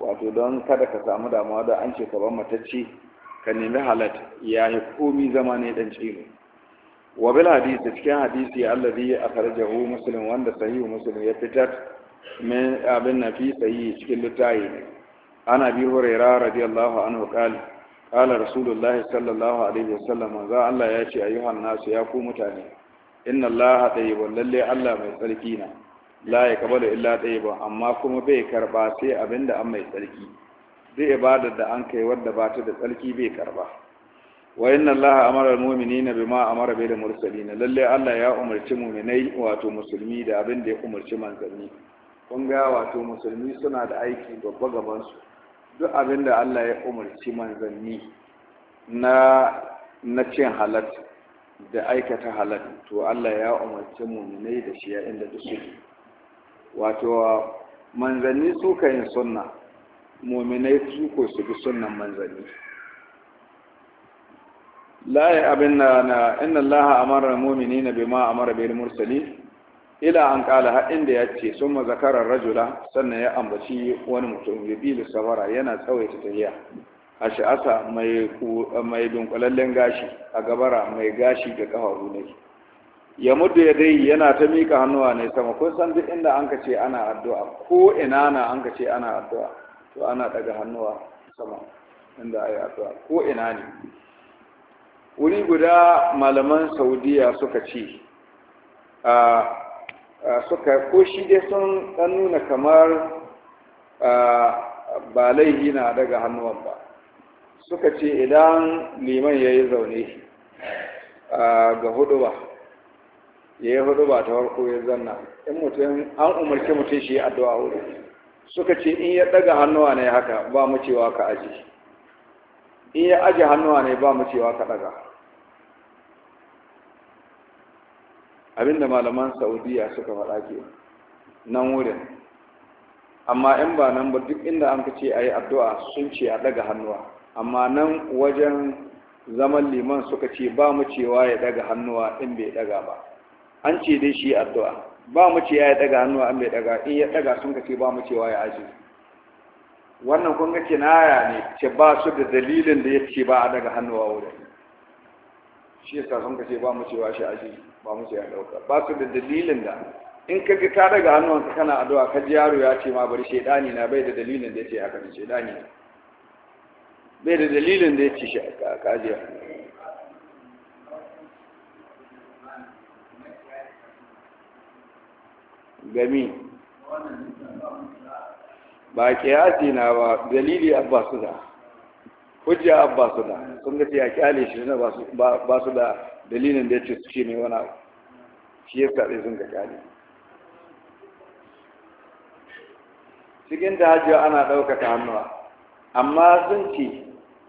wato don kada ka samu damuwa da an ce ka ban matacci ka nemi halat ya yi komi zama ne dan cino wa hadisi cikin hadisi allazi akhrajahu musulun, wanda sahihu musulun ya fitar min abin nafi sahihi cikin littafi ne ana bi hurairah radiyallahu anhu qala qala rasulullahi sallallahu alaihi wasallam manzo Allah ya ce ayyuhan nasu ya ku mutane inna Allah tayyibun lalle Allah mai tsarki na la yaqbalu illa ba, amma kuma bai karba sai abinda an mai tsarki duk ibadar da an kai wadda ba ta da tsarki bai karba wa inna allaha amara almu'minina bima amara bihi almursalin lalle Allah ya umarci mu'minai wato musulmi da abin da ya umarci manzanni kun ga wato musulmi suna da aiki babba gaban su duk abin da Allah ya umarci manzanni na na cin halal da aikata halal to Allah ya umarci mu'minai da shi inda duk wato manzanni su kan sunna mu'minai su ko su bi sunnan manzanni la ya abin na na inna allaha amara mu'minina bima amara bil mursalin ila an kala har inda ya ce sun mazakarar rajula sannan ya ambaci wani mutum yubilu safara yana tsawaita tahiya a sha'asa mai dunkulallen gashi a gabara mai gashi ga kafafu ne ya mudu ya dai yana ta mika hannuwa ne sama kun san duk inda an ce ana addu'a ko ina na an ce ana addu'a to ana daga hannuwa sama inda ayi addu'a ko ina ne wuri guda malaman saudiya suka ce suka ko shi dai sun dan nuna kamar ba laihi na daga hannuwan ba suka ce idan liman ya yi zaune ga hudu ba ya yi hudu ba ta farko ya zanna in mutum an umarci mutum shi addu'a hudu suka ce in ya daga hannuwa ne haka ba mu cewa ka aji in ya aji hannuwa ne ba mu cewa ka daga abinda malaman saudiya suka faɗa ke nan wurin amma in ba nan ba duk inda an ce a yi addu'a sun ce a daga hannuwa amma nan wajen zaman liman suka ce ba mu cewa ya daga hannuwa in bai daga ba an ce dai shi addu'a ba mu ce ya daga hannuwa in bai daga in ya daga sun ce ba mu cewa ya aji wannan kun ga kinaya ne ce ba su da dalilin da ya ce ba a daga hannuwa wurin shi yasa sun kace ba mu cewa shi aji ba mu cewa dauka ba su da dalilin da in ka ga ka daga hannuwanka kana addu'a ka ji yaro ya ce ma bari shedani na bai da dalilin da yace aka shedani bai da dalilin da yace shi aka aje gami ba kiyasi na ba dalili abbasu da hujja an ba su da sun ga ya kyale shi na ba su da dalilin da ya ce su ce wani abu shi ya kaɗai sun ga kyale cikin da hajiya ana ɗaukaka hannuwa amma sun ce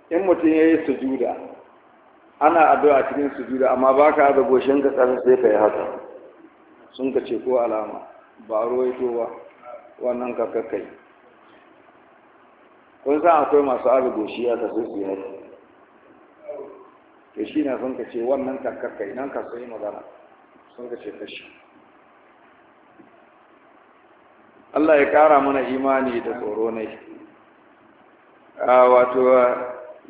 in mutum ya yi sujuda ana addu'a cikin sujuda amma ba ka da goshin ka tsarin sai ka yi haka sun ka ce ko alama ba a to ba wannan ka kai kun san akwai masu arugo shi ya kasu su yi to shi na sun ka ce wannan takarka idan ka sun yi magana sun ka ce kashi Allah ya ƙara mana imani da tsoro ne wato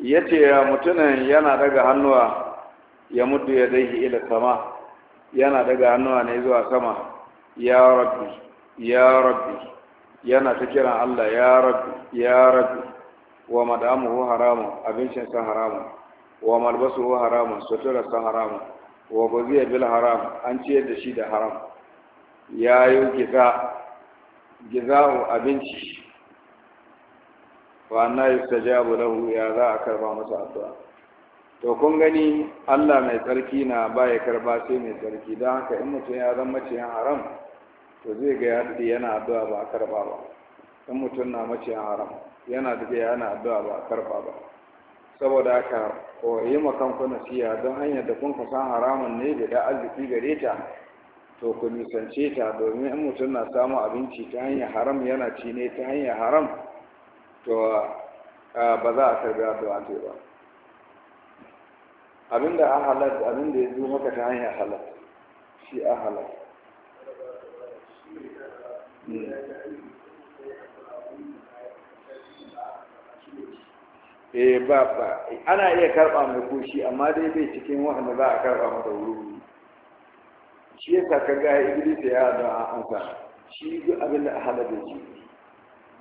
ya ce mutumin yana daga hannuwa ya mutu ya daihi ila sama yana daga hannuwa ne zuwa sama ya rabbi ya rabbi yana ta kiran Allah ya rabu ya rabbi wa madamuhu haramun abincin san haramun wa malbasuhu haramun sutura san haramun wa buziya bil haram an ciyar da shi da haram ya yi giza gizahu abinci wa anna yustajabu lahu ya za a karba masa addu'a to kun gani Allah mai tsarki na baya karba sai mai tsarki don haka in mutum ya zama cikin haram to zai ga ya daɗe yana addu'a ba a karɓa ba in mutum na mace haram yana daɗe yana addu'a ba a karɓa ba saboda haka ko yi makan nasiya don hanyar da kun san haramun ne da da arziki gare ta to ku nisance ta domin in mutum na samun abinci ta hanyar haram yana ci ne ta hanyar haram to ba za a karɓi addu'a ta ba abinda a halar abinda ya zo maka ta hanyar halar shi a halar eh ba ba ana iya karɓa mai koshi amma dai bai cikin wahanda za a karɓa mata wuri shi ya sa kaga iblis ya da a sa shi duk abin da halal da ji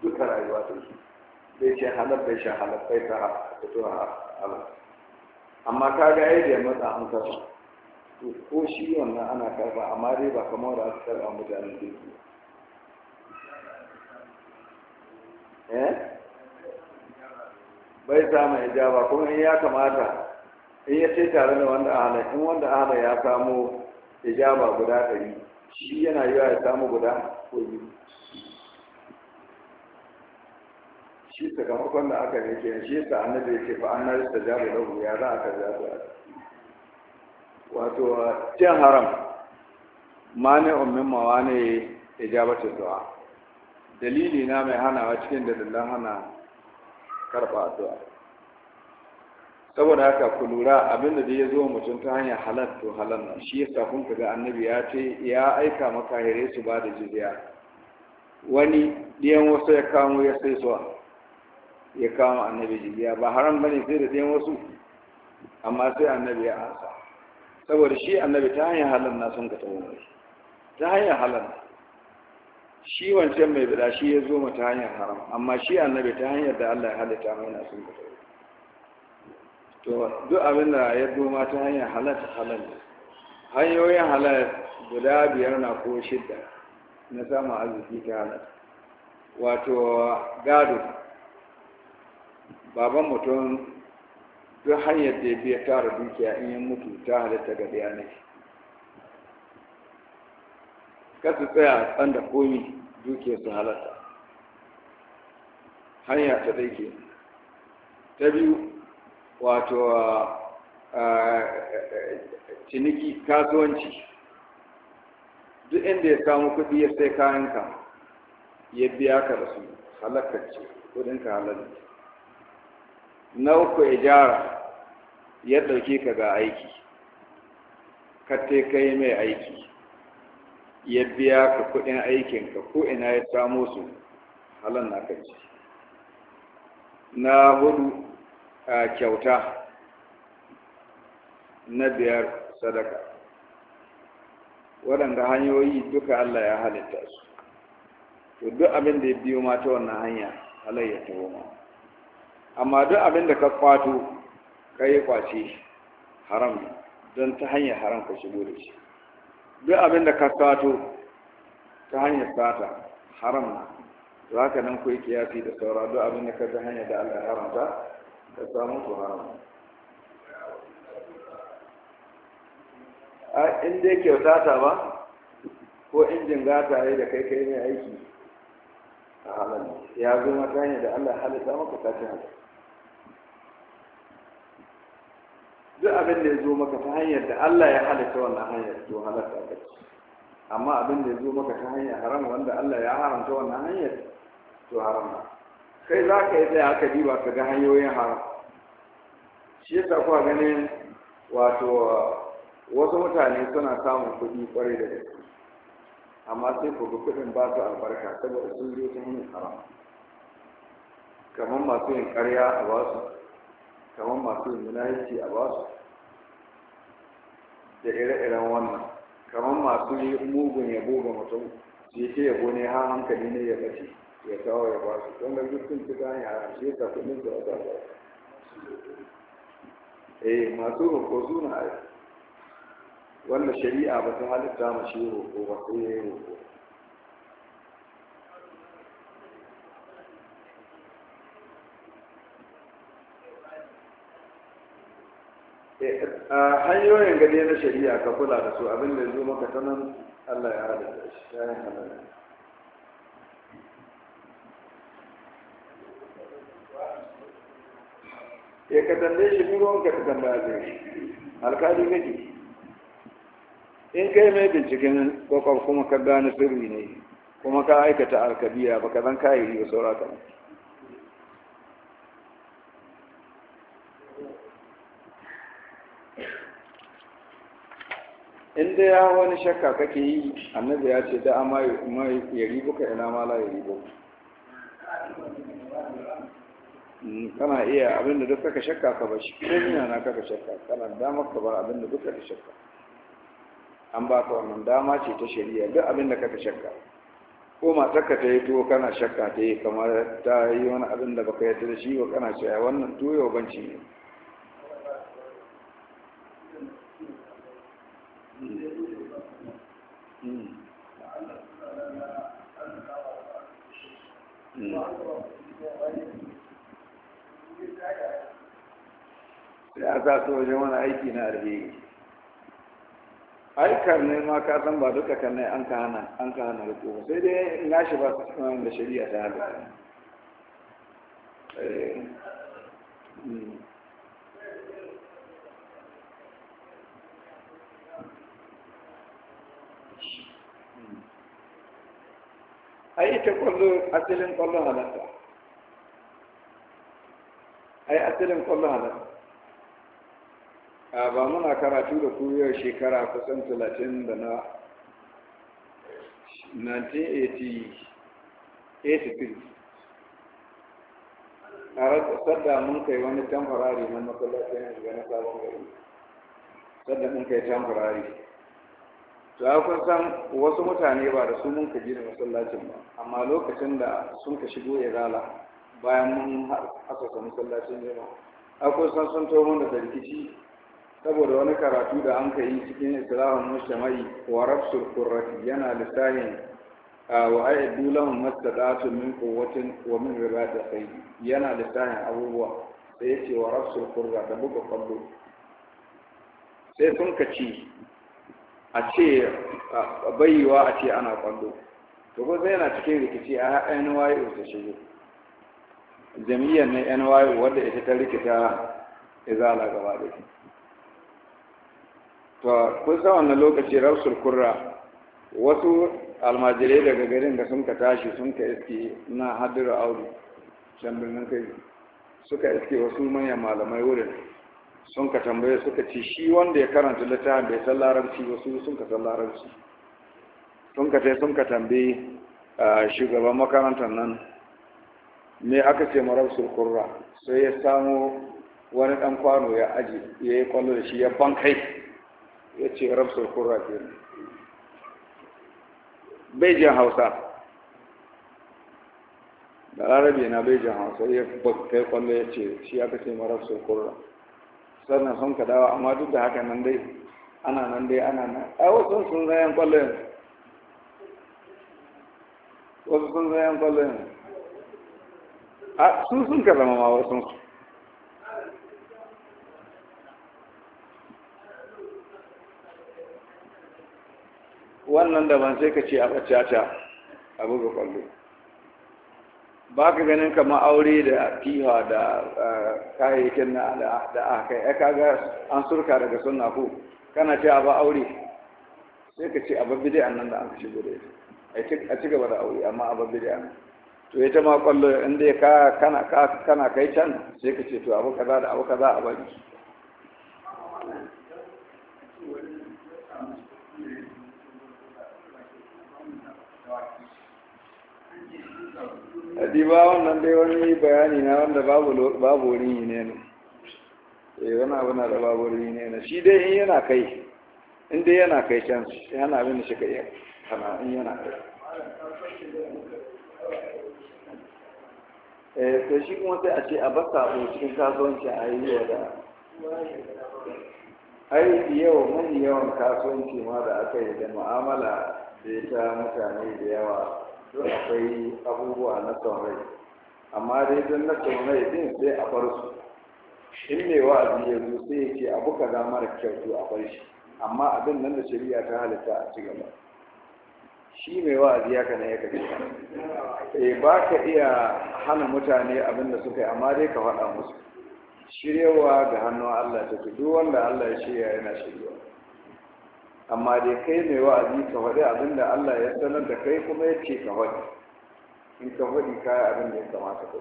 duka rayuwa ta shi bai ce halal bai sha halal bai ta fito halal amma kaga ai da matsa an ba. to ko shi wannan ana karɓa amma dai ba kamar da aka mutane mutanen ba. Eh? bai samun ijaba kuma in ya kamata in ya ce tare da wanda ahala in wanda ahala ya samu ijaba guda ɗari shi yana yi ya samu guda ko biyu shi sakamakon da aka yi ke shi yasa annabi ya ce fa an nari ta jabi da ya za a karya ta wato cin haram mani ummin mawa ne ijabatin du'a dalili na mai hanawa cikin dalilan hana karɓa addu'a saboda haka ku lura abinda da ya zo mutum ta hanyar halal to halal na shi yasa kun ga annabi ya ce ya aika makahire su ba da jizya wani ɗiyan wasu ya kamo ya sai suwa ya kamo annabi jizya ba haram bane sai da ɗiyan wasu amma sai annabi ya ansa saboda shi annabi ta hanyar halar na sun ka wani ta hanyar halar na shi wancan mai bida shi ya zo ta hanyar haram amma shi annabi ta hanyar da Allah ya halitta mai na sun fito to duk abin da ya zo ma ta hanyar halal ne hanyoyin halal guda biyar na ko shidda na samun arziki ta halal wato gado baban mutum duk hanyar da ya biya tara dukiya in yi mutu ta halitta ga ɗaya ne kasu tsaya tsan da komi duke su halatta hanya ta dai ke ta biyu wato ciniki kasuwanci duk inda ya samu kudi ya sai kayanka ya biya ka da su halakacce kudinka halar na uku ijara ya ɗauke ka ga aiki ka te kai mai aiki ya biya ka kudin aikinka ko ina ya samo su halan na kai na hudu a kyauta na biyar sadaka waɗanda hanyoyi duka Allah ya halitta su to duk abin da ya biyo ma ta wannan hanya halai ya taho ma amma duk abin da ka kwato ka yi kwace haram don ta hanyar haram ka shigo da shi duk abin da ka sato ta hanyar sata haram na ka haka nan kuwa yi yafi da saura duk abin da ka ta hanyar da Allah haramta ka samu su haram a in dai kyauta ba ko injin gata ne da kai kai mai aiki a halal ya zo mata hanyar da Allah halitta maka ta ce duk abin da ya zo maka ta hanyar da Allah ya halitta wannan hanyar to halatta ka ci amma abin da ya zo maka ta hanyar haram wanda Allah ya haramta wannan hanyar to haram ba kai za ka yi tsaye aka diba ka ga hanyoyin haram shi yasa kuwa ganin wato wasu mutane suna samun kuɗi kwarai da gaske amma sai ku ga kuɗin ba su albarka saboda sun zo ta hanyar haram kamar masu yin ƙarya a basu kamar masu yin munahici a basu da ire-iren wannan kamar masu mugun yabo ga mutum su yi yabo ne har hankali ne ya bace ya kawo ya ba su don gaji sun ci gane a rashe ta kudin da wata ba eh masu roƙo suna wanda shari'a ba ta halitta mashi roƙo ba sai ya yi roƙo Eh, hanyoyin gade na shari'a ka kula da su abin da zo maka ta nan Allah ya da shi ya yi shi. ya eh, ka tambaye shi ni ka ta tambaya zai alkali gaji in kai mai binciken kwakwaf kuma ka gane sirri ne kuma ka aikata alkabiya ka zan kayi yi ba saurata in dai ya wani shakka kake yi annabi ya ce da amma ya ribu ka ina ma la ya ribu kana iya abinda duk kaka shakka ka bashi ko ina na kaka shakka kana damar ka bar abinda duk kaka shakka an ba ka wannan dama ce ta shari'a duk abinda kaka shakka ko matarka ta yi tuwo kana shakka ta yi kamar ta yi wani abin da baka yarda da shi ba kana cewa wannan tuwo yau banci ne sai a su aiki na aikar ne ma ka san ba duka kan an an ka hana riko sai dai na shi ba su da shari'a ta hada eh. hmm. ai ita kwallo asalin kwallo halatta ai asalin kwallo halatta a ba muna karatu da yau shekara kusan talatin da na 1983 a sadda mun kai wani tamfarari na masallacin yanzu na sabon gari sadda mun kai tamfarari to ya kun san wasu mutane ba da su mun kaji da masallacin ba amma lokacin da sun ka shigo izala bayan mun asasa masallacin jima akwai san sun to mun da tarkici saboda wani karatu da an ka yi cikin islamun mushamai wa rafsul qurrati yana lissahin wa masu lahum mastata'atun min quwwatin wa min ribati khayr yana sahin abubuwa sai yace wa rafsul qurra da buga kwallo sai sun ci. a ce baiwa a ce ana kwallo to ko sai yana cikin rikici a nyo ta shigo jam'iyyar na nyo wadda ita ta rikita izala gaba da to kun san wannan lokaci rausul kurra wasu almajirai daga garin da sun ka tashi sun ka iske na hadira audu can birnin kai suka iske wasu manyan malamai wurin sun ka tambaye suka ce shi wanda ya karanta littafin bai san larabci ba su sun ka san larabci sun ka tai sun ka tambaye shugaban makarantar nan me aka ce marabsul kurra sai ya samo wani dan kwano ya aji ya yi kwallo da shi ya bankai ya ce rabsul kurra ke bai jin hausa da larabi na bai jin hausa ya bankai kwallo ya ce shi aka ce marabsul kurra sannan sun ka dawo amma duk da haka nan dai ana nan dai ana nan ai wasu sun zayen kwallo yanzu wasu sun zayen kwallo a sun sun ka zama ma wasu su wannan ban sai ka ce a ɓace a buga kwallo ba ka ganin kamar aure da fiha da eh, kayayyakin na da aka kai ya kaga an surka daga suna ko kana ce a ba aure sai ka ce a babbi da annan da aka shigo da ita a ci gaba da aure amma a babbi da annan to ta ma kwallo inda ya kana kai can sai ka ce to abu kaza da abu kaza a bari ba wannan dai wani bayani na wanda babu wurin yi ne ne eh wani abu na da babu wurin yi ne ne shi dai in yana kai in dai yana kai can yana abin da shi ka iya kana in yana kai e to shi kuma sai a ce a baka abu cikin kasuwanci a yi yau da ai yau mai yawan kasuwanci ma da aka yi da mu'amala da ta mutane da yawa don akwai abubuwa na son amma dai don na son rai din sai a bar su in mai wa'azi ya zo sai ya ce abu za mara kyau a bar shi amma abin nan da shari'a ta halitta a ci gaba shi mai wa'azi ya na ya kace eh ba ka iya hana mutane abin da suka yi amma dai ka faɗa musu shiryawa ga hannun Allah ta duk wanda Allah ya shirya yana shiryawa amma dai kai mai wa'azi ka faɗi abin da Allah ya sanar da kai kuma ya ce ka faɗi in ka faɗi ka yi abin da ya kamata ka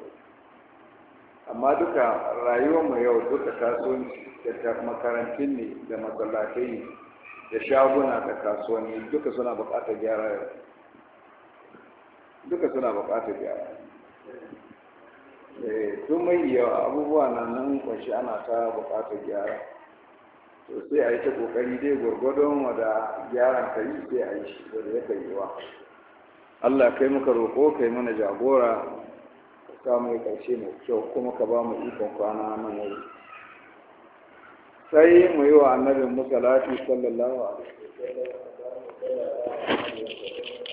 amma duka rayuwar mu yau duka kasuwanci da makarantun ne da masallatai da shaguna da kasuwanni duka suna buƙatar gyara yau duka suna buƙatar gyara tun eh, mai yawa abubuwa na nan kwanci ana ta buƙatar gyara to sai a yi ta kokari dai gwargwadon wada gyaran yi sai a yi shi wanda ya kai wa Allah kai muka roƙo kai mana jagora ka samu ya ƙarshe mai kyau kuma ka ba mu ikon kwana na wuri sai mu yi wa annabin salatu sallallahu alaihi sallam